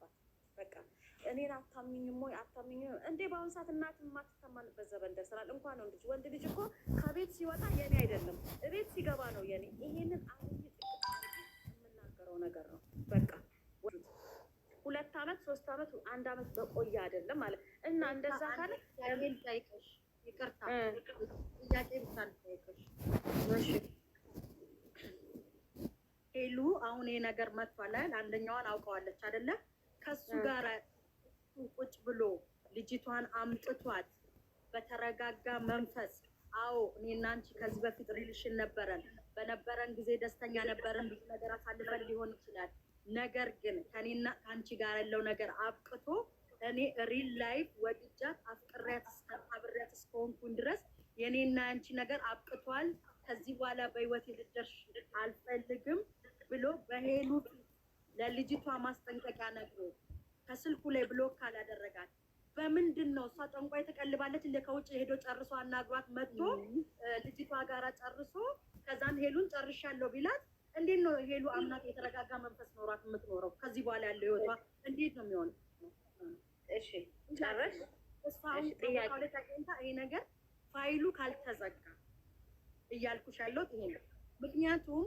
አለባት። በቃ እኔን አታምኝም ወይ አታምኝም እንዴ? በአሁኑ ሰዓት እናት የማትተማንበት ዘመን ደርሰናል። እንኳን ወንድ ልጅ ወንድ ልጅ እኮ ከቤት ሲወጣ የኔ አይደለም እቤት ሲገባ ነው የኔ። ይሄንን አሁን የምናገረው ነገር ነው። በቃ ሁለት አመት ሶስት አመት አንድ አመት በቆየ አይደለም ማለት እና እንደዛ ካለ ለምን ሄሉ አሁን ይሄ ነገር መጥቷል። አንደኛዋን አውቀዋለች አይደለም ከሱ ጋር ቁጭ ብሎ ልጅቷን አምጥቷት በተረጋጋ መንፈስ አዎ እኔ እና አንቺ ከዚህ በፊት ሪልሽን ነበረን፣ በነበረን ጊዜ ደስተኛ ነበረን። ብዙ ነገር አሳልፈን ሊሆን ይችላል። ነገር ግን ከኔና ከአንቺ ጋር ያለው ነገር አብቅቶ እኔ ሪል ላይፍ ወድጃት አፍቅሬያት አብሬያት እስከሆንኩን ድረስ የእኔና አንቺ ነገር አብቅቷል። ከዚህ በኋላ በህይወት ልደርሽ አልፈልግም ብሎ በሄሉ ለልጅቷ ማስጠንቀቂያ ነግሮ ከስልኩ ላይ ብሎክ ካላደረጋት በምንድን ነው እሷ ጠንቋይ ትቀልባለች? እንደ ከውጭ ሄዶ ጨርሶ አናግሯት መጥቶ ልጅቷ ጋራ ጨርሶ ከዛም ሄሉን ጨርሻለሁ ቢላት እንዴት ነው ሄሉ አምናት የተረጋጋ መንፈስ ኖሯት የምትኖረው? ከዚህ በኋላ ያለው ህይወቷ እንዴት ነው የሚሆነው? እሺ ጨረሽ እሷ ይሄ ነገር ፋይሉ ካልተዘጋ እያልኩሽ ያለሁት ይሄ ነው። ምክንያቱም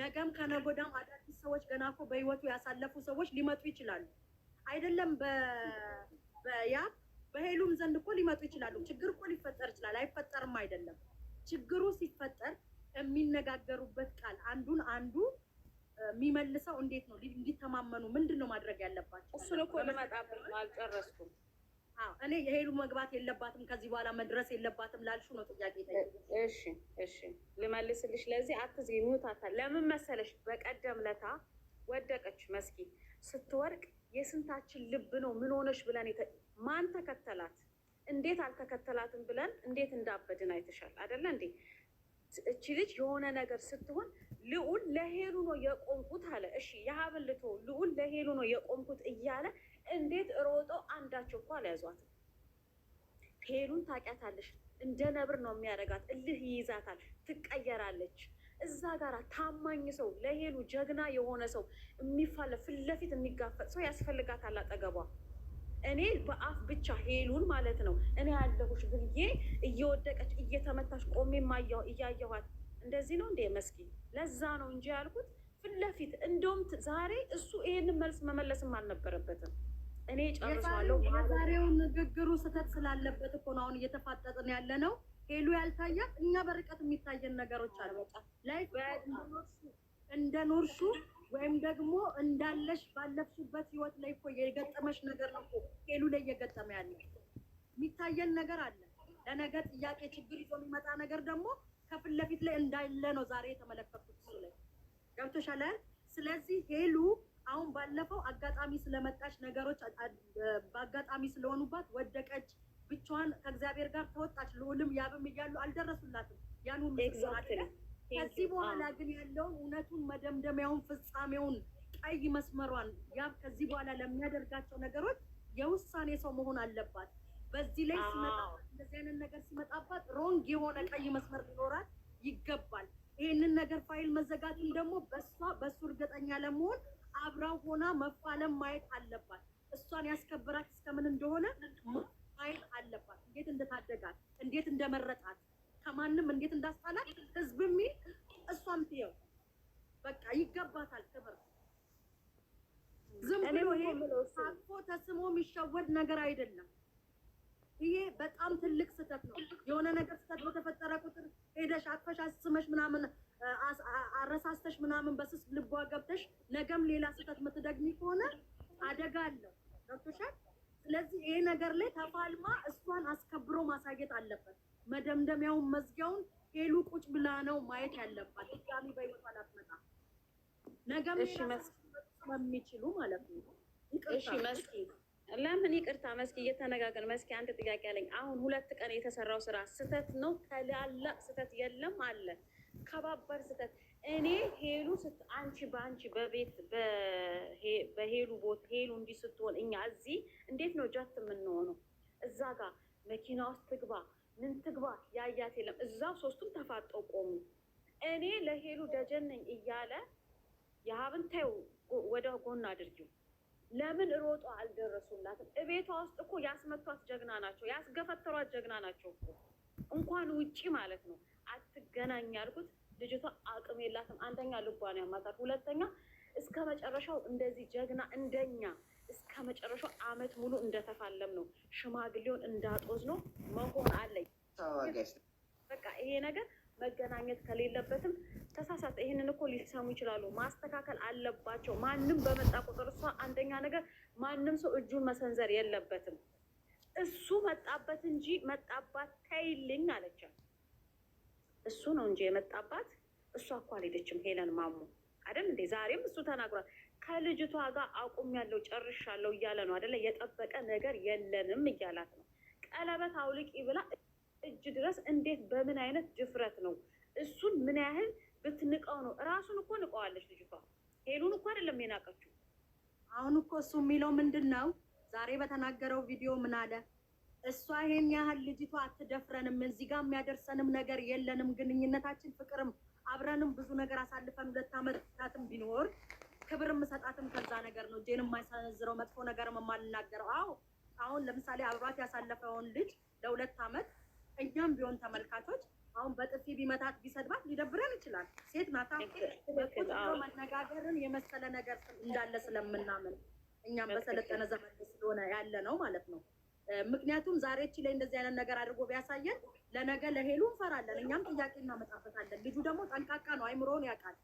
ነገም ከነጎዳም አዳዲስ ሰዎች ገና እኮ በህይወቱ ያሳለፉ ሰዎች ሊመጡ ይችላሉ። አይደለም በያ በሄሉም ዘንድ እኮ ሊመጡ ይችላሉ። ችግር እኮ ሊፈጠር ይችላል። አይፈጠርም አይደለም። ችግሩ ሲፈጠር የሚነጋገሩበት ቃል አንዱን አንዱ የሚመልሰው እንዴት ነው? እንዲተማመኑ ምንድን ነው ማድረግ ያለባቸው? እሱን እኮ ልመጣብህ አልጨረስኩም። እኔ የሄሉ መግባት የለባትም ከዚህ በኋላ መድረስ የለባትም ላልሹ ነው ጥያቄ። እሺ እሺ፣ ልመልስልሽ። ለዚህ አትዝጊ፣ ሚውታታል። ለምን መሰለሽ በቀደም ለታ ወደቀች መስኪ ስትወርቅ የስንታችን ልብ ነው ምን ሆነሽ ብለን ማን ተከተላት እንዴት አልተከተላትም ብለን እንዴት እንዳበድን አይተሻል አደለ እንዴ? እቺ ልጅ የሆነ ነገር ስትሆን ልዑል ለሄሉ ነው የቆምኩት አለ። እሺ የሀብልቶ ልዑል ለሄሉ ነው የቆምኩት እያለ እንዴት ሮጦ አንዳቸው እኮ አልያዟትም። ሄሉን ታውቂያታለሽ። እንደ ነብር ነው የሚያደርጋት። እልህ ይይዛታል፣ ትቀየራለች። እዛ ጋር ታማኝ ሰው፣ ለሄሉ ጀግና የሆነ ሰው፣ የሚፋለ ፊት ለፊት የሚጋፈጥ ሰው ያስፈልጋታል አጠገቧ። እኔ በአፍ ብቻ ሄሉን ማለት ነው እኔ ያለሁሽ ብዬ እየወደቀች እየተመታች ቆሜ እያየኋት እንደዚህ ነው እንዴ መስኪ? ለዛ ነው እንጂ ያልኩት ፊት ለፊት። እንደውም ዛሬ እሱ ይሄንን መልስ መመለስም አልነበረበትም። እኔ ጨርሳለሁ። የዛሬው ንግግሩ ስህተት ስላለበት እኮ ነው አሁን እየተፋጠጥን ያለ ነው። ሄሉ ያልታያት እኛ በርቀት የሚታየን ነገሮች አለ። በቃ ላይ እንደ ኖርሹ ወይም ደግሞ እንዳለሽ ባለፍሽበት ህይወት ላይ እኮ የገጠመሽ ነገር ነው እኮ ሄሉ ላይ እየገጠመ ያለ የሚታየን ነገር አለ። ለነገ ጥያቄ ችግር ይዞ የሚመጣ ነገር ደግሞ ከፊት ለፊት ላይ እንዳለ ነው ዛሬ የተመለከቱት ላይ ገብቶሻል። ስለዚህ ሄሉ አሁን ባለፈው አጋጣሚ ስለመጣች ነገሮች በአጋጣሚ ስለሆኑባት ወደቀች፣ ብቻዋን ከእግዚአብሔር ጋር ተወጣች። ልዑልም ያብም እያሉ አልደረሱላትም ያን ሁሉ ከዚህ በኋላ ግን ያለውን እውነቱን መደምደሚያውን ፍጻሜውን ቀይ መስመሯን ያብ ከዚህ በኋላ ለሚያደርጋቸው ነገሮች የውሳኔ ሰው መሆን አለባት። በዚህ ላይ ሲመጣ እንደዚህ አይነት ነገር ሲመጣባት ሮንግ የሆነ ቀይ መስመር ሊኖራት ይገባል። ይህንን ነገር ፋይል መዘጋቱን ደግሞ በሷ በሱ እርግጠኛ ለመሆን አብራው ሆና መፋለም ማየት አለባት። እሷን ያስከብራት እስከምን እንደሆነ ማየት አለባት። እንዴት እንደታደጋት፣ እንዴት እንደመረጣት፣ ከማንም እንዴት እንዳስጣላት ህዝብ እሷም ትየው በቃ ይገባታል ክብር። ዝም ብሎ ተስሞ የሚሸወድ ነገር አይደለም። ይሄ በጣም ትልቅ ስህተት ነው። የሆነ ነገር ስህተት በተፈጠረ ቁጥር ሄደሽ አቅፈሽ አስመሽ ምናምን አረሳስተሽ ምናምን በስስ ልቧ ገብተሽ ነገም ሌላ ስህተት የምትደግሚ ከሆነ አደጋ አለው። ገብቶሻል? ስለዚህ ይሄ ነገር ላይ ተፋልማ እሷን አስከብሮ ማሳየት አለበት። መደምደሚያውን መዝጊያውን ሄሉ ቁጭ ብላ ነው ማየት ያለባት። ድጋሚ በህይወቷ ላትመጣ ነገም ሌላ ስለሚችሉ ማለት ነው። እሺ መስኪ ለምን ይቅርታ፣ መስኪ እየተነጋገር መስኪ፣ አንድ ጥያቄ አለኝ። አሁን ሁለት ቀን የተሰራው ስራ ስህተት ነው ታላላቅ ስህተት የለም አለ ከባባድ ስህተት። እኔ ሄሉ አንቺ በአንቺ በቤት በሄሉ ቦታ ሄሉ እንዲህ ስትሆን እኛ እዚህ እንዴት ነው ጃት የምንሆነው? እዛ ጋር መኪና ውስጥ ትግባ ምን ትግባ ያያት የለም። እዛው ሶስቱም ተፋጠው ቆሙ። እኔ ለሄሉ ደጀነኝ እያለ የሀብን ወደ ጎን አድርጊው ለምን ሮጦ አልደረሱላትም? እቤቷ ውስጥ እኮ ያስመቷት ጀግና ናቸው፣ ያስገፈተሯት ጀግና ናቸው እኮ እንኳን ውጪ ማለት ነው። አትገናኝ ያልኩት ልጅቷ አቅም የላትም። አንደኛ ልቧን ያማታል፣ ሁለተኛ እስከ መጨረሻው እንደዚህ ጀግና እንደኛ እስከ መጨረሻው አመት ሙሉ እንደተፋለም ነው ሽማግሌውን እንዳጦዝ ነው መሆን አለኝ። በቃ ይሄ ነገር መገናኘት ከሌለበትም ይህንን እኮ ሊሰሙ ይችላሉ። ማስተካከል አለባቸው። ማንም በመጣ ቁጥር እሷ አንደኛ ነገር ማንም ሰው እጁን መሰንዘር የለበትም። እሱ መጣበት እንጂ መጣባት ተይልኝ አለቻት። እሱ ነው እንጂ የመጣባት እሷ እኮ አልሄደችም። ሄለን ማሙ አይደል እንዴ? ዛሬም እሱ ተናግሯል። ከልጅቷ ጋር አቁም ያለው ጨርሻለሁ እያለ ነው አይደለ? የጠበቀ ነገር የለንም እያላት ነው። ቀለበት አውልቂ ብላ እጅ ድረስ እንዴት በምን አይነት ድፍረት ነው እሱን ምን ያህል ብትንቀው ነው እራሱን እኮ ንቀዋለች ልጅቷ። ሄሉን እኮ አይደለም የናቀችው። አሁን እኮ እሱ የሚለው ምንድን ነው? ዛሬ በተናገረው ቪዲዮ ምን አለ? እሷ ይሄን ያህል ልጅቷ አትደፍረንም፣ እዚህ ጋር የሚያደርሰንም ነገር የለንም፣ ግንኙነታችን ፍቅርም አብረንም ብዙ ነገር አሳልፈን ሁለት ዓመታትም ቢኖር ክብር የምሰጣትም ከዛ ነገር ነው። እጄን የማይሰነዝረው መጥፎ ነገር የማልናገረው። አዎ አሁን ለምሳሌ አብሯት ያሳለፈውን ልጅ ለሁለት አመት እኛም ቢሆን ተመልካቾች አሁን በጥፊ ቢመታት ቢሰድባት ሊደብረን ይችላል። ሴት ናታ መነጋገርን የመሰለ ነገር እንዳለ ስለምናምን እኛም በሰለጠነ ዘመን ስለሆነ ያለ ነው ማለት ነው። ምክንያቱም ዛሬች ላይ እንደዚህ አይነት ነገር አድርጎ ቢያሳየን ለነገ ለሄሉ እንፈራለን፣ እኛም ጥያቄ እናመጣበታለን። ልጁ ደግሞ ጠንቃቃ ነው፣ አይምሮውን ያውቃል።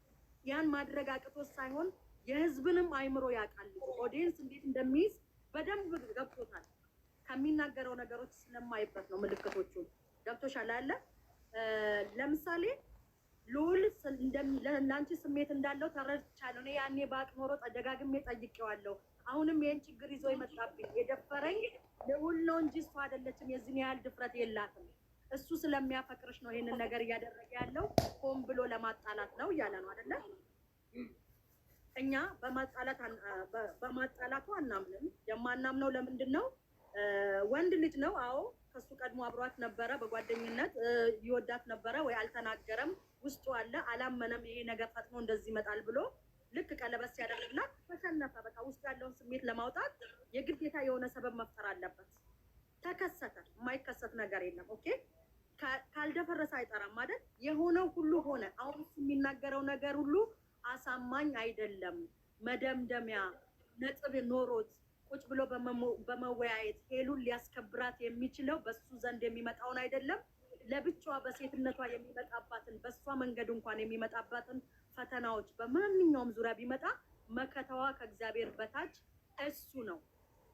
ያን ማድረግ አቅቶ ሳይሆን የህዝብንም አይምሮ ያውቃል። ኦዲየንስ እንዴት እንደሚይዝ በደንብ ገብቶታል። ከሚናገረው ነገሮች ስለማይበት ነው ምልክቶቹ ገብቶሻል አለ ለምሳሌ ልዑል ለአንቺ ስሜት እንዳለው ተረድቻለሁ። እኔ ያኔ በአቅ ኖሮ ደጋግሜ ጠይቄዋለሁ። አሁንም ይህን ችግር ይዞ ይመጣብኝ የደፈረኝ ልዑል ነው እንጂ እሱ አይደለችም። የዚህን ያህል ድፍረት የላትም። እሱ ስለሚያፈቅርሽ ነው ይህንን ነገር እያደረገ ያለው። ሆን ብሎ ለማጣላት ነው እያለ ነው አይደለ? እኛ በማጣላቱ አናምንም። የማናምነው ለምንድን ነው? ወንድ ልጅ ነው። አዎ ከሱ ቀድሞ አብሯት ነበረ፣ በጓደኝነት ይወዳት ነበረ ወይ አልተናገረም። ውስጡ አለ አላመነም። ይሄ ነገር ፈጥኖ እንደዚህ ይመጣል ብሎ ልክ ቀለበት ሲያደርግላት ተሸነፈ። በቃ ውስጡ ያለውን ስሜት ለማውጣት የግዴታ የሆነ ሰበብ መፍጠር አለበት። ተከሰተ። የማይከሰት ነገር የለም። ኦኬ ካልደፈረሰ አይጠራም ማለት የሆነው ሁሉ ሆነ። አሁን የሚናገረው ነገር ሁሉ አሳማኝ አይደለም። መደምደሚያ ነጥብ ኖሮት ቁጭ ብሎ በመወያየት ሄሉን ሊያስከብራት የሚችለው በሱ ዘንድ የሚመጣውን አይደለም ለብቻዋ በሴትነቷ የሚመጣባትን በእሷ መንገድ እንኳን የሚመጣባትን ፈተናዎች በማንኛውም ዙሪያ ቢመጣ መከተዋ ከእግዚአብሔር በታች እሱ ነው።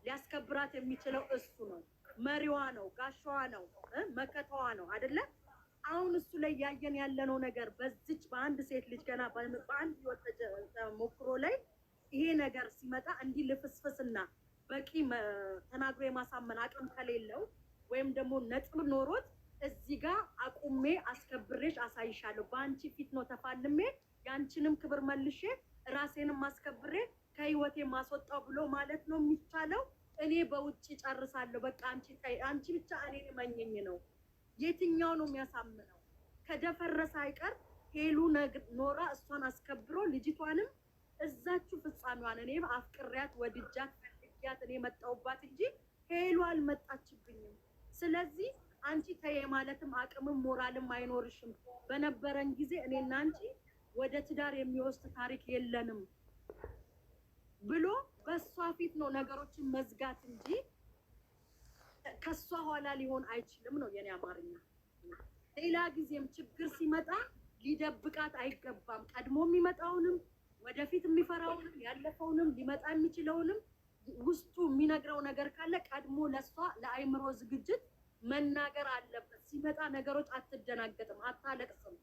ሊያስከብራት የሚችለው እሱ ነው። መሪዋ ነው፣ ጋሻዋ ነው፣ መከተዋ ነው አይደለ? አሁን እሱ ላይ ያየን ያለነው ነገር በዚች በአንድ ሴት ልጅ ገና በአንድ ህይወት ተሞክሮ ላይ ይሄ ነገር ሲመጣ እንዲህ ልፍስፍስና በቂ ተናግሮ የማሳመን አቅም ከሌለው ወይም ደግሞ ነጥብ ኖሮት እዚህ ጋር አቁሜ አስከብሬሽ አሳይሻለሁ፣ በአንቺ ፊት ነው ተፋልሜ የአንቺንም ክብር መልሼ ራሴንም አስከብሬ ከህይወቴ ማስወጣው ብሎ ማለት ነው የሚቻለው። እኔ በውጭ ጨርሳለሁ፣ በቃ አንቺ ብቻ እኔን መኘኝ ነው። የትኛው ነው የሚያሳምነው? ከደፈረሰ አይቀር ሄሉ ኖራ እሷን አስከብሮ ልጅቷንም እዛችሁ ፍጻሜዋን እኔ አፍቅሪያት ወድጃት ምክንያት እኔ መጣሁባት እንጂ ሄሉ አልመጣችብኝም። ስለዚህ አንቺ ተይ ማለትም አቅምም ሞራልም አይኖርሽም። በነበረን ጊዜ እኔና አንቺ ወደ ትዳር የሚወስድ ታሪክ የለንም ብሎ በእሷ ፊት ነው ነገሮችን መዝጋት እንጂ ከእሷ ኋላ ሊሆን አይችልም ነው የኔ አማርኛ። ሌላ ጊዜም ችግር ሲመጣ ሊደብቃት አይገባም። ቀድሞ የሚመጣውንም ወደፊት የሚፈራውንም ያለፈውንም ሊመጣ የሚችለውንም ውስጡ የሚነግረው ነገር ካለ ቀድሞ ለሷ ለአይምሮ ዝግጅት መናገር አለበት። ሲመጣ ነገሮች አትደናገጥም፣ አታለቅስም።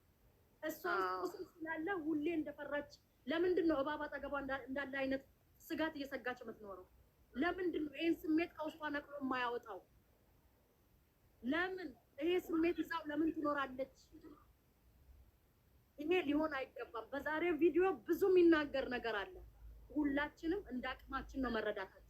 እሷ ውስጥ ስላለ ሁሌ እንደፈራች ለምንድን ነው እባብ አጠገቧ እንዳለ አይነት ስጋት እየሰጋች የምትኖረው? ለምንድን ነው ይህን ስሜት ከውስጧ ነቅሎ የማያወጣው? ለምን ይሄ ስሜት እዛው ለምን ትኖራለች? ይሄ ሊሆን አይገባም። በዛሬ ቪዲዮ ብዙ የሚናገር ነገር አለ። ሁላችንም እንደ አቅማችን ነው መረዳታችን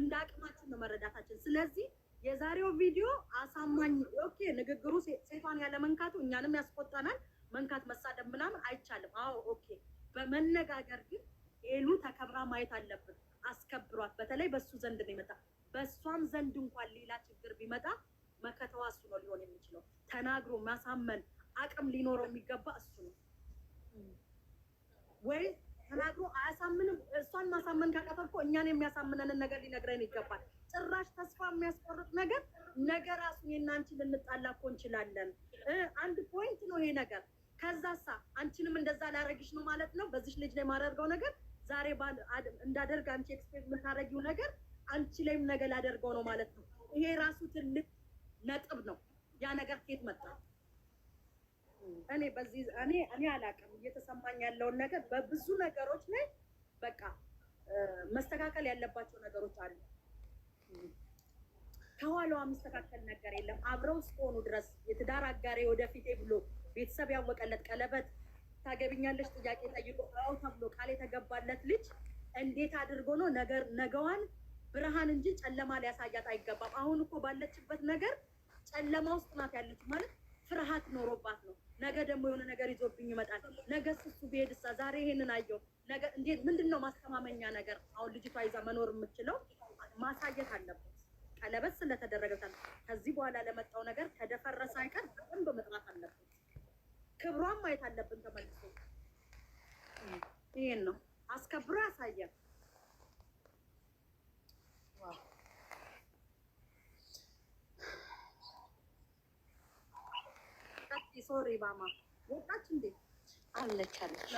እንደ አቅማችን ነው መረዳታችን። ስለዚህ የዛሬው ቪዲዮ አሳማኝ ኦኬ፣ ንግግሩ ሴቷን ያለ መንካቱ እኛንም ያስቆጣናል። መንካት መሳደብ ምናምን አይቻልም። አዎ ኦኬ። በመነጋገር ግን ሄሉ ተከብራ ማየት አለብን። አስከብሯት። በተለይ በሱ ዘንድ ነው ይመጣ በእሷም ዘንድ እንኳን ሌላ ችግር ቢመጣ መከተዋ እሱ ነው ሊሆን የሚችለው። ተናግሮ ማሳመን አቅም ሊኖረው የሚገባ እሱ ነው። ወይ ተናግሮ አያሳምንም። እሷን ማሳመን ካቀተል እኮ እኛን የሚያሳምነንን ነገር ሊነግረን ይገባል። ጭራሽ ተስፋ የሚያስቆርጥ ነገር ነገ ራሱን የናንቺ ልንጣላ እኮ እንችላለን። አንድ ፖይንት ነው ይሄ ነገር። ከዛሳ አንቺንም እንደዛ ላረግሽ ነው ማለት ነው። በዚሽ ልጅ ላይ ማደርገው ነገር ዛሬ እንዳደርግ አንቺ ኤክስፔክት የምታደርጊው ነገር አንቺ ላይም ነገ ላደርገው ነው ማለት ነው። ይሄ ራሱ ትልቅ ነጥብ ነው። ያ ነገር ከየት መጣ? እኔ በዚህ እኔ እኔ አላውቅም እየተሰማኝ ያለውን ነገር በብዙ ነገሮች ላይ በቃ መስተካከል ያለባቸው ነገሮች አሉ። ከኋላዋ የሚስተካከል ነገር የለም። አብረው እስከሆኑ ድረስ የትዳር አጋሬ ወደፊቴ ብሎ ቤተሰብ ያወቀለት ቀለበት ታገብኛለች ጥያቄ ጠይቆ አዎ ተብሎ ቃል የተገባለት ልጅ እንዴት አድርጎ ነው ነገር ነገዋን ብርሃን እንጂ ጨለማ ሊያሳያት አይገባም። አሁን እኮ ባለችበት ነገር ጨለማ ውስጥ ናት ያለች ማለት ፍርሃት ኖሮባት ነው። ነገ ደግሞ የሆነ ነገር ይዞብኝ ይመጣል፣ ነገ ስሱ ሳ ዛሬ ይሄንን አየው፣ ነገ እንዴት ምንድን ነው ማስተማመኛ ነገር? አሁን ልጅቷ ይዛ መኖር የምችለው ማሳየት አለበት። ቀለበት ስለተደረገታል ከዚህ በኋላ ለመጣው ነገር ከደፈረሰ አይቀር በደንብ መጥራት አለበት። ክብሯን ማየት አለብን። ተመልሶ ይሄን ነው አስከብሮ ያሳያል። ሶሪ ማማ ወጣች እንዴ? አለች አለች።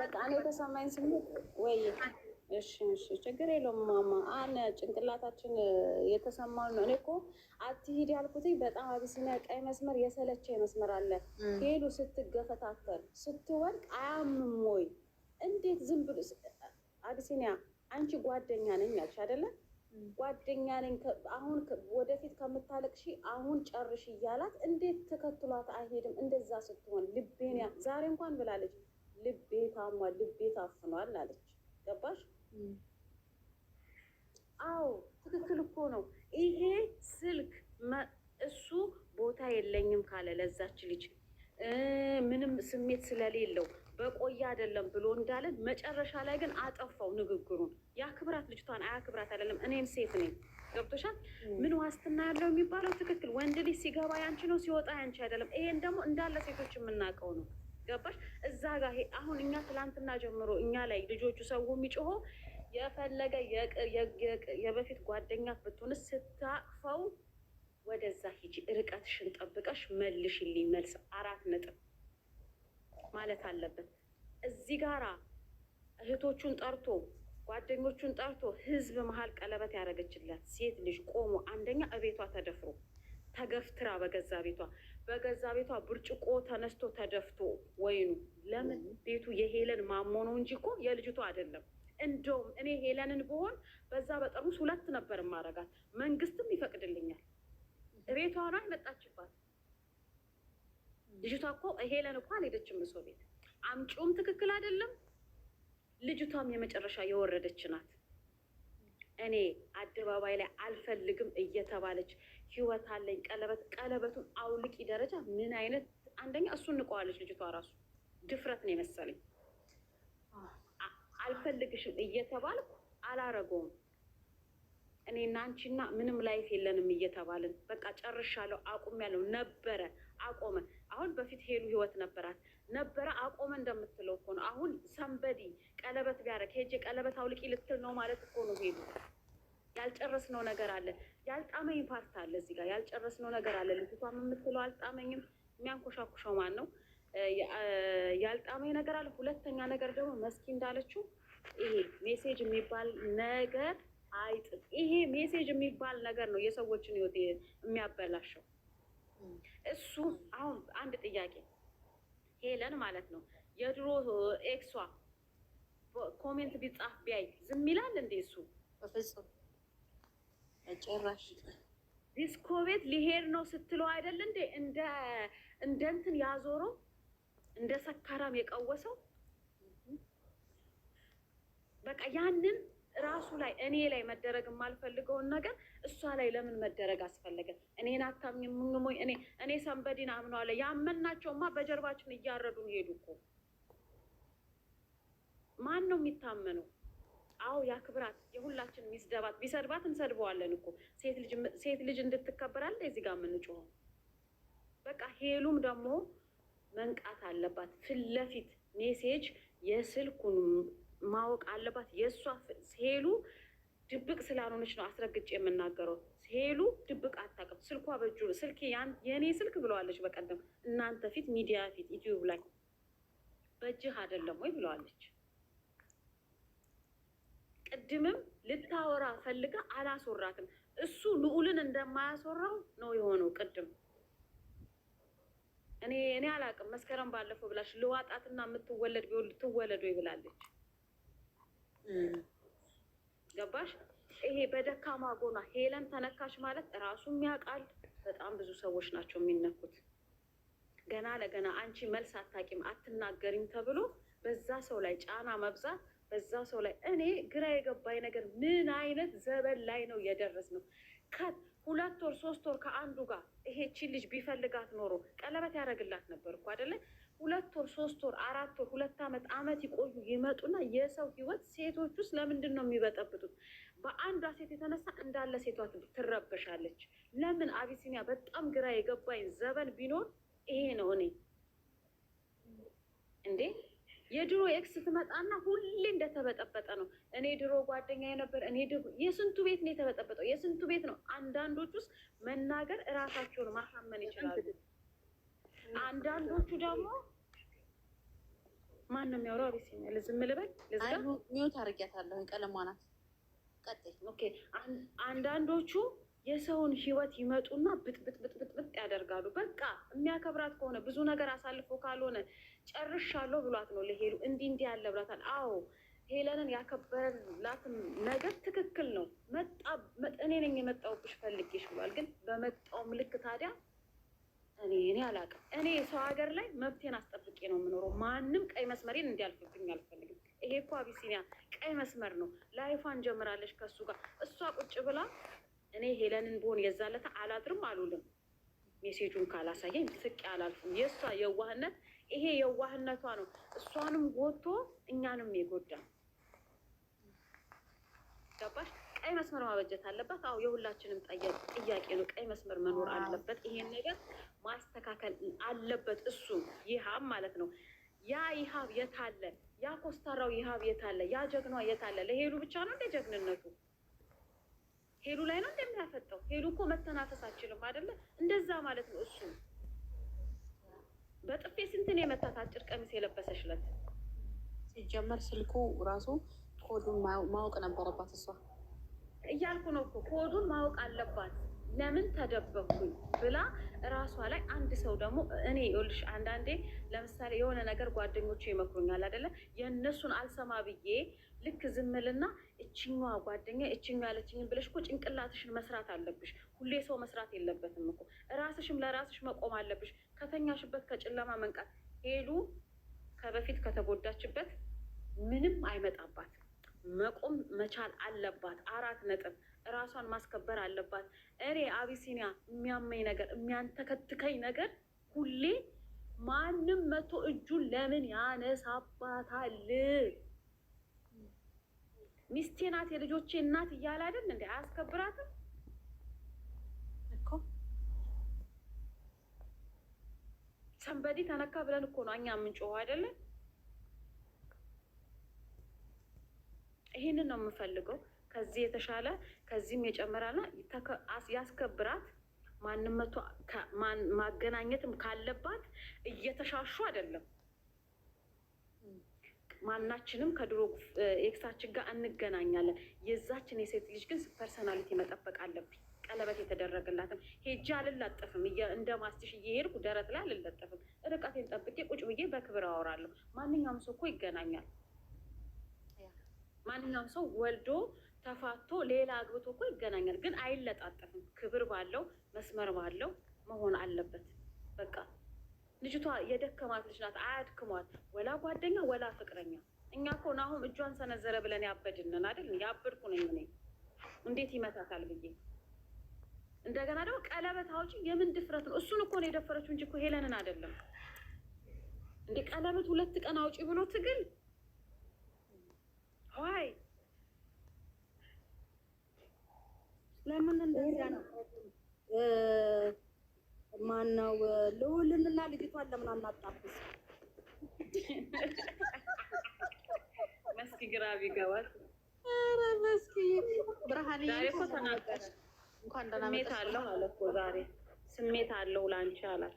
በጣም የተሰማኝ ስሜት ወይ እሺ፣ እሺ፣ ችግር የለውም ማማ። አነ ጭንቅላታችን የተሰማው ነው። እኔ እኮ አትሂድ ያልኩት በጣም አቢሲኒያ ቀይ መስመር የሰለቸ መስመር አለ። ሄሉ ስትገፈታተል ስትወድቅ አያምም ወይ? እንዴት ዝም ብሎ አቢሲኒያ አንቺ ጓደኛ ነኝ ያልሽ አይደለም ጓደኛ ነኝ አሁን ወደፊት ከምታለቅሺ አሁን ጨርሽ እያላት እንዴት ተከትሏት አይሄድም? እንደዛ ስትሆን ልቤን ዛሬ እንኳን ብላለች፣ ልቤ ታሟል፣ ልቤ ታፍኗል አለች። ገባሽ? አዎ ትክክል እኮ ነው። ይሄ ስልክ እሱ ቦታ የለኝም ካለ ለዛች ልጅ ምንም ስሜት ስለሌለው በቆየ አይደለም ብሎ እንዳለን መጨረሻ ላይ ግን አጠፋው ንግግሩን። ክብራት ልጅቷን አያ ክብራት አይደለም እኔም ሴት ነኝ። ገብቶሻል? ምን ዋስትና ያለው የሚባለው ትክክል ወንድ ልጅ ሲገባ ያንቺ ነው፣ ሲወጣ ያንቺ አይደለም። ይሄን ደግሞ እንዳለ ሴቶች የምናውቀው ነው። ገባሽ? እዛ ጋር አሁን እኛ ትላንትና ጀምሮ እኛ ላይ ልጆቹ ሰው የሚጮሆ የፈለገ የበፊት ጓደኛ ብትሆን ስታቅፈው ወደዛ ሂጂ፣ ርቀትሽን ጠብቀሽ መልሽልኝ መልስ አራት ነጥብ ማለት አለበት። እዚህ ጋራ እህቶቹን ጠርቶ ጓደኞቹን ጠርቶ ህዝብ መሀል ቀለበት ያደረገችላት ሴት ልጅ ቆሞ አንደኛ እቤቷ ተደፍሮ ተገፍትራ በገዛ ቤቷ በገዛ ቤቷ ብርጭቆ ተነስቶ ተደፍቶ ወይኑ ለምን ቤቱ የሄለን ማሞ ነው እንጂ እኮ የልጅቷ አይደለም። እንደውም እኔ ሄለንን ብሆን በዛ በጠርሙስ ሁለት ነበር ማረጋት። መንግስትም ይፈቅድልኛል። ቤቷ ነው አይመጣችባት ልጅቷ እኮ ሄለን እኮ አልሄደችም እሰው ቤት አምጪውም ትክክል አይደለም። ልጅቷም የመጨረሻ የወረደች ናት። እኔ አደባባይ ላይ አልፈልግም እየተባለች ህይወት አለኝ ቀለበት ቀለበቱን አውልቂ ደረጃ ምን አይነት አንደኛ እሱ እንቀዋለች ልጅቷ ራሱ ድፍረት ነው የመሰለኝ። አልፈልግሽም እየተባልኩ አላረገውም። እኔ እናንቺና ምንም ላይፍ የለንም እየተባልን በቃ ጨርሻለሁ ያለው ነበረ አቆመ። አሁን በፊት ሄሉ ህይወት ነበራት ነበረ አቆመ እንደምትለው እኮ ነው። አሁን ሰንበዲ ቀለበት ቢያደርግ ሄጄ ቀለበት አውልቂ ልትል ነው ማለት እኮ ነው ሄሉ። ያልጨረስነው ነገር አለ፣ ያልጣመኝ ፓርት አለ እዚህ ጋር ያልጨረስነው ነገር አለ። ልጅቷም የምትለው አልጣመኝም። የሚያንኮሻኩሸው ማን ነው? ያልጣመኝ ነገር አለ። ሁለተኛ ነገር ደግሞ መስኪ እንዳለችው ይሄ ሜሴጅ የሚባል ነገር አይጥም። ይሄ ሜሴጅ የሚባል ነገር ነው የሰዎችን ህይወት የሚያበላሸው። እሱ አሁን አንድ ጥያቄ ሄለን ማለት ነው የድሮ ኤክሷ ኮሜንት ቢጻፍ ቢያይ ዝም ይላል እንዴ? እሱ በፍጹም ጭራሽ ዲስኮ ቤት ሊሄድ ነው ስትለው አይደል እንዴ? እንደ እንደ እንትን ያዞረው እንደ ሰካራም የቀወሰው በቃ ያንን ራሱ ላይ እኔ ላይ መደረግ የማልፈልገውን ነገር እሷ ላይ ለምን መደረግ አስፈለገ? እኔን አታምኝሙኝ። እኔ እኔ ሰንበዲን አምነዋለ ያመናቸውማ በጀርባችን እያረዱን ሄዱ እኮ። ማን ነው የሚታመነው? አዎ ያክብራት፣ የሁላችን ሚስደባት ቢሰድባት እንሰድበዋለን እኮ። ሴት ልጅ እንድትከበራል እዚህ ጋር የምንጮኸው በቃ። ሄሉም ደግሞ መንቃት አለባት ፊት ለፊት ሜሴጅ የስልኩን ማወቅ አለባት። የእሷ ሄሉ ድብቅ ስላልሆነች ነው አስረግጬ የምናገረው። ሄሉ ድብቅ አታውቅም። ስልኳ በእጁ ስልክ የእኔ ስልክ ብለዋለች በቀደም እናንተ ፊት ሚዲያ ፊት ዩቲዩብ ላይ በእጅህ አይደለም ወይ ብለዋለች። ቅድምም ልታወራ ፈልጋ አላስወራትም። እሱ ልዑልን እንደማያስወራው ነው የሆነው። ቅድም እኔ እኔ አላውቅም መስከረም ባለፈው ብላች ልዋጣትና የምትወለድ ቢሆን ልትወለድ ወይ ብላለች። ገባሽ? ይሄ በደካማ ጎኗ ሄለን ተነካሽ ማለት ራሱም ያውቃል። በጣም ብዙ ሰዎች ናቸው የሚነኩት። ገና ለገና አንቺ መልስ አታቂም አትናገሪም ተብሎ በዛ ሰው ላይ ጫና መብዛት በዛ ሰው ላይ እኔ ግራ የገባኝ ነገር ምን አይነት ዘበን ላይ ነው የደረስ ነው? ሁለት ወር ሶስት ወር ከአንዱ ጋር ይሄችን ልጅ ቢፈልጋት ኖሮ ቀለበት ያደረግላት ነበር እኮ አይደለ? ሁለት ወር ሶስት ወር አራት ወር ሁለት ዓመት ዓመት ይቆዩ ይመጡና የሰው ህይወት ሴቶች ውስጥ ለምንድን ነው የሚበጠብጡት? በአንዷ ሴት የተነሳ እንዳለ ሴቷ ትረበሻለች። ለምን አቢሲኒያ በጣም ግራ የገባኝ ዘበን ቢኖር ይሄ ነው። እኔ እንዴ የድሮ ኤክስ ትመጣና ሁሌ እንደተበጠበጠ ነው። እኔ ድሮ ጓደኛ ነበር፣ እኔ የስንቱ ቤት ነው የተበጠበጠው? የስንቱ ቤት ነው? አንዳንዶች ውስጥ መናገር እራሳቸውን ማሳመን ይችላሉ። አንዳንዶቹ ደግሞ ማን ነው የሚያወራው? አቤት ዝም ልበል ሚዩት አድርጊያታለሁ። ቀለሟ ናት። ቀጥል። ኦኬ። አንዳንዶቹ የሰውን ህይወት ይመጡና ብጥብጥብጥብጥ ያደርጋሉ። በቃ የሚያከብራት ከሆነ ብዙ ነገር አሳልፎ ካልሆነ ጨርሻለሁ ብሏት ነው ለሄሉ እንዲህ እንዲህ ያለ ብሏታል። አዎ ሄለንን ያከበረላትን ነገር ትክክል ነው። መጣ እኔ ነኝ የመጣሁብሽ ፈልጌሽ ብሏል። ግን በመጣውም ልክ ታዲያ እኔ እኔ አላውቅም። እኔ ሰው ሀገር ላይ መብቴን አስጠብቄ ነው የምኖረው። ማንም ቀይ መስመሬን እንዲያልፍብኝ አልፈልግም። ይሄ እኮ አቢሲኒያ ቀይ መስመር ነው። ላይፏን ጀምራለች ከሱ ጋር እሷ ቁጭ ብላ። እኔ ሄለንን ብሆን የዛለታ አላድርም አሉልም። ሜሴጁን ካላሳየኝ ስቄ አላልፍም። የእሷ የዋህነት ይሄ የዋህነቷ ነው እሷንም ጎቶ እኛንም የጎዳ ገባሽ ቀይ መስመር ማበጀት አለበት አዎ የሁላችንም ጥያቄ ነው። ቀይ መስመር መኖር አለበት። ይሄን ነገር ማስተካከል አለበት። እሱ ይሃብ ማለት ነው። ያ ይሃብ የታለ? ያ ኮስታራው ይሃብ የታለ? ያ ጀግኗ የታለ? ለሄሉ ብቻ ነው እንደ ጀግንነቱ ሄሉ ላይ ነው እንደሚያፈጠው። ሄሉ እኮ መተናፈስ አችልም አይደለ? እንደዛ ማለት ነው። እሱ በጥፌ ስንትን የመታት አጭር ቀሚስ የለበሰች ለት ሲጀመር ስልኩ ራሱ ኮዱን ማወቅ ነበረባት እሷ እያልኩ ነው እኮ ኮዱን ማወቅ አለባት። ለምን ተደበኩኝ ብላ እራሷ ላይ አንድ ሰው ደግሞ እኔ ይኸውልሽ፣ አንዳንዴ ለምሳሌ የሆነ ነገር ጓደኞቼ ይመክሩኛል አይደለ? የእነሱን አልሰማ ብዬ ልክ ዝምልና እችኛዋ ጓደኛ እችኛ ያለችኝን ብለሽ እኮ ጭንቅላትሽን መስራት አለብሽ። ሁሌ ሰው መስራት የለበትም እኮ እራስሽም ለራስሽ መቆም አለብሽ። ከተኛሽበት ከጨለማ መንቃት ሄሉ ከበፊት ከተጎዳችበት ምንም አይመጣባት መቆም መቻል አለባት። አራት ነጥብ። እራሷን ማስከበር አለባት። እኔ አቢሲኒያ የሚያመኝ ነገር የሚያንተከትከኝ ነገር ሁሌ ማንም መቶ እጁን ለምን ያነሳባታል? ሚስቴ ናት የልጆቼ እናት እያለ አይደል እንዴ? አያስከብራትም እኮ ሰንበዲ ተነካ ብለን እኮ ነው እኛ የምንጮኸው አይደለን? ይሄንን ነው የምፈልገው። ከዚህ የተሻለ ከዚህም የጨመራና ያስከብራት ማንነቷ ማገናኘትም ካለባት እየተሻሹ አይደለም። ማናችንም ከድሮ ኤክሳችን ጋር እንገናኛለን። የዛችን የሴት ልጅ ግን ፐርሰናሊቲ መጠበቅ አለብኝ። ቀለበት የተደረገላትም ሄጄ አልላጠፍም፣ እንደ ማስቲሽ እየሄድኩ ደረት ላይ አልለጠፍም። ርቀቴን ጠብቄ ቁጭ ብዬ በክብር አወራለሁ። ማንኛውም ሰው እኮ ይገናኛል። ማንኛውም ሰው ወልዶ ተፋቶ ሌላ አግብቶ እኮ ይገናኛል፣ ግን አይለጣጠፍም። ክብር ባለው መስመር ባለው መሆን አለበት። በቃ ልጅቷ የደከማት ልጅ ናት፣ አያድክሟት። ወላ ጓደኛ ወላ ፍቅረኛ። እኛ እኮ አሁን እጇን ሰነዘረ ብለን ያበድንን አይደል? ያበድኩ ነኝ እኔ እንዴት ይመታታል ብዬ እንደገና ደግሞ ቀለበት አውጪ። የምን ድፍረት ነው? እሱን እኮ ነው የደፈረችው እንጂ እኮ ሄለንን አይደለም እንዴ። ቀለበት ሁለት ቀን አውጪ ብሎ ትግል ሆይ ለምን እንደዚያ ነው? ማነው ልውልንና ልጅቷን ለምን አናጣብስ? መስኪ ግራ ቢገባት። ኧረ መስኪ ብርሃን እኮ ተናገረ። እንኳን ደህና ስሜት አለው አለ እኮ ዛሬ ስሜት አለው ላንቺ አላት።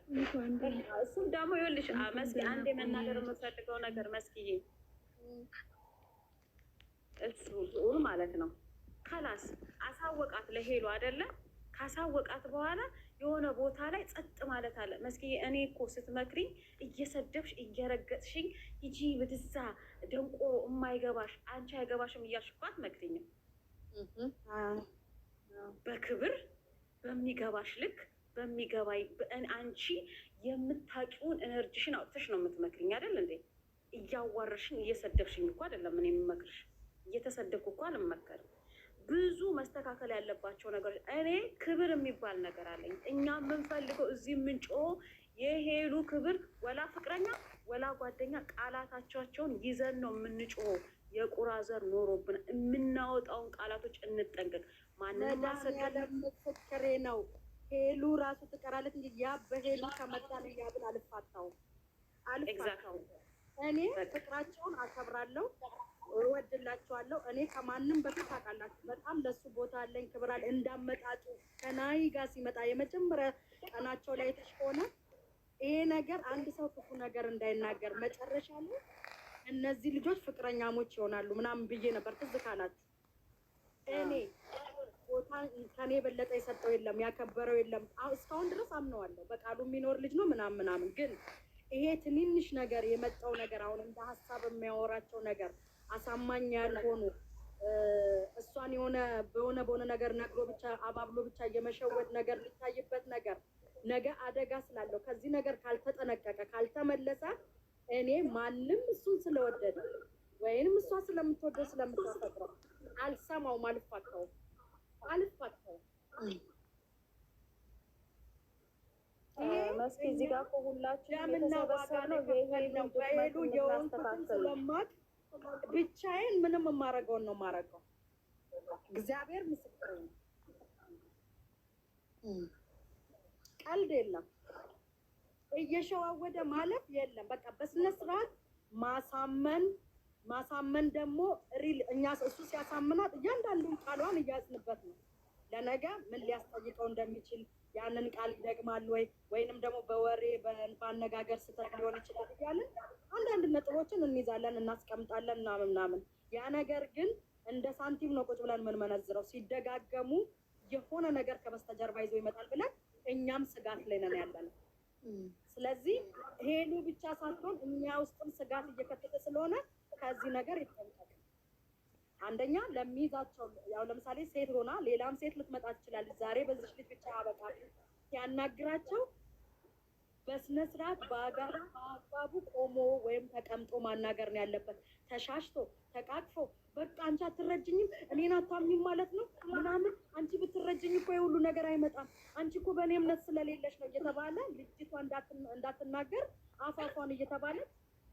እሱም ደግሞ ይኸውልሽ መስኪ አንድ የመናገር የምፈልገው ነገር መስኪዬ እሱ ማለት ነው። ከላስ አሳወቃት ለሄሉ አይደለም። ካሳወቃት በኋላ የሆነ ቦታ ላይ ጸጥ ማለት አለ። መስኪ እኔ እኮ ስትመክሪኝ እየሰደብሽ እየረገጥሽኝ ሂጂ ብትዛ ደንቆ የማይገባሽ አንቺ አይገባሽም እያልሽ እኮ አትመክሪኝም። በክብር በሚገባሽ ልክ በሚገባይ አንቺ የምታውቂውን ኤነርጂሽን አውጥተሽ ነው የምትመክሪኝ አይደል እንዴ? እያዋረሽኝ እየሰደብሽኝ እኮ አይደለም እኔ የምመክርሽ። እየተሰደኩ እኮ አልመከርም። ብዙ መስተካከል ያለባቸው ነገሮች እኔ ክብር የሚባል ነገር አለኝ። እኛ የምንፈልገው እዚህ ምንጮ የሄሉ ክብር ወላ ፍቅረኛ ወላ ጓደኛ ቃላታቸውን ይዘን ነው የምንጮ የቁራ ዘር ኖሮብን የምናወጣውን ቃላቶች እንጠንቀቅ። ማንም ነው ሄሉ ራሱ ትቀራለት እ ያ በሄሉ ከመጣ ነው ያብን አልፋታውም አልፋታውም። እኔ ፍቅራቸውን አከብራለሁ እወድላችኋለሁ። እኔ ከማንም በፊት አውቃላችሁ በጣም ለሱ ቦታ አለኝ፣ ክብር እንዳመጣጡ ከናይ ጋር ሲመጣ የመጀመሪያ ቀናቸው ላይ ተሽሆነ ይሄ ነገር አንድ ሰው ክፉ ነገር እንዳይናገር መጨረሻ ላይ እነዚህ ልጆች ፍቅረኛሞች ይሆናሉ ምናምን ብዬ ነበር። ትዝ ካላችሁ እኔ ቦታ ከኔ የበለጠ የሰጠው የለም ያከበረው የለም። እስካሁን ድረስ አምነዋለሁ። በቃሉ የሚኖር ልጅ ነው ምናምን ምናምን። ግን ይሄ ትንንሽ ነገር የመጣው ነገር አሁን እንደ ሀሳብ የሚያወራቸው ነገር አሳማኝ ያልሆኑ እሷን የሆነ በሆነ በሆነ ነገር ነግሮ ብቻ አባብሎ ብቻ የመሸወት ነገር የሚታይበት ነገር ነገ አደጋ ስላለው ከዚህ ነገር ካልተጠነቀቀ ካልተመለሰ እኔ ማንም እሱን ስለወደደ ወይንም እሷ ስለምትወደው ስለምታፈቅረው አልሰማውም፣ አልፋቀውም፣ አልፋቀውም። ይሄ ሁላችሁ ለምናባጋ ነው የሄዱ የሆንኩትን ስለማቅ ብቻዬን ምንም የማደርገውን ነው ማረገው? እግዚአብሔር ምስክር ነው። ቀልድ የለም። እየሸዋወደ ማለፍ የለም። በቃ በስነ ስርዓት ማሳመን ማሳመን ደግሞ ሪል እኛ እሱ ሲያሳምናት እያንዳንዱን ቃሏን እያዝንበት ነው ለነገ ምን ሊያስጠይቀው እንደሚችል ያንን ቃል ይደግማል ወይ ወይንም ደግሞ በወሬ በአነጋገር ስህተት ሊሆን ይችላል እያለን አንዳንድ ነጥቦችን እንይዛለን፣ እናስቀምጣለን ምናምን ምናምን። ያ ነገር ግን እንደ ሳንቲም ነው ቁጭ ብለን የምንመነዝረው። ሲደጋገሙ የሆነ ነገር ከበስተጀርባ ይዞ ይመጣል ብለን እኛም ስጋት ላይ ነን ያለን። ስለዚህ ሄሉ ብቻ ሳትሆን እኛ ውስጥም ስጋት እየከተተ ስለሆነ ከዚህ ነገር ይጠንቀቅ። አንደኛ ለሚይዛቸው ያው ለምሳሌ ሴት ሆና ሌላም ሴት ልትመጣ ትችላለች። ዛሬ በዚህ ልጅ ብቻ አበቃ ሲያናግራቸው በስነ ስርዓት በአጋራ በአግባቡ ቆሞ ወይም ተቀምጦ ማናገር ነው ያለበት። ተሻሽቶ ተቃቅፎ በቃ አንቺ አትረጅኝም እኔን አታምኝም ማለት ነው ምናምን አንቺ ብትረጅኝ እኮ የሁሉ ነገር አይመጣም አንቺ እኮ በእኔ እምነት ስለሌለች ነው እየተባለ ልጅቷ እንዳትናገር አፋፏን እየተባለ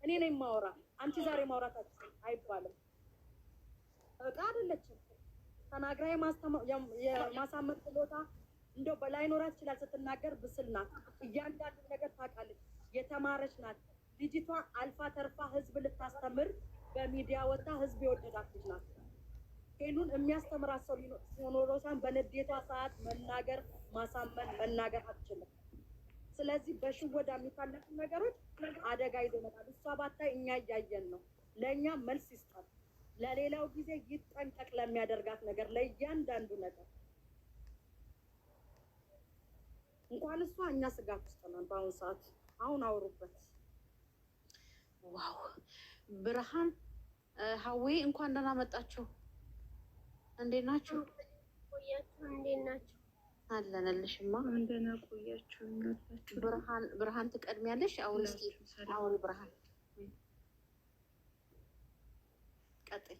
እኔ ነኝ ማውራ አንቺ ዛሬ ማውራት አይባልም። እቃ አይደለችም። ተናግራ የማሳመን ችሎታ እንደው ላይኖራት ይችላል። ስትናገር ብስል ናት። እያንዳንዱ ነገር ታውቃለች። የተማረች ናት ልጅቷ። አልፋ ተርፋ ህዝብ ልታስተምር በሚዲያ ወጣ ህዝብ የወደዳት ልጅ ናት። ሄኑን የሚያስተምራት ሰው ኖሮሳን በንዴቷ ሰዓት መናገር ማሳመን መናገር አትችልም። ስለዚህ በሽወዳ የሚታለፉ ነገሮች አደጋ ይዘው እሷ ባታይ እኛ እያየን ነው። ለእኛ መልስ ይስጣል። ለሌላው ጊዜ ይጠንቀቅ ለሚያደርጋት ነገር ለእያንዳንዱ ነገር እንኳን እሷ እኛ ስጋት ውስጥ ነን በአሁኑ ሰዓት። አሁን አውሩበት። ዋው ብርሃን ሀዌ እንኳን ደህና መጣችሁ። እንዴት ናችሁ? ቆያችሁ? እንዴት ናችሁ? አለንልሽማ። እንደና ቆያችሁ። ብርሃን ብርሃን ትቀድሚያለሽ። አሁን እስኪ አሁን ብርሃን ቀጥይ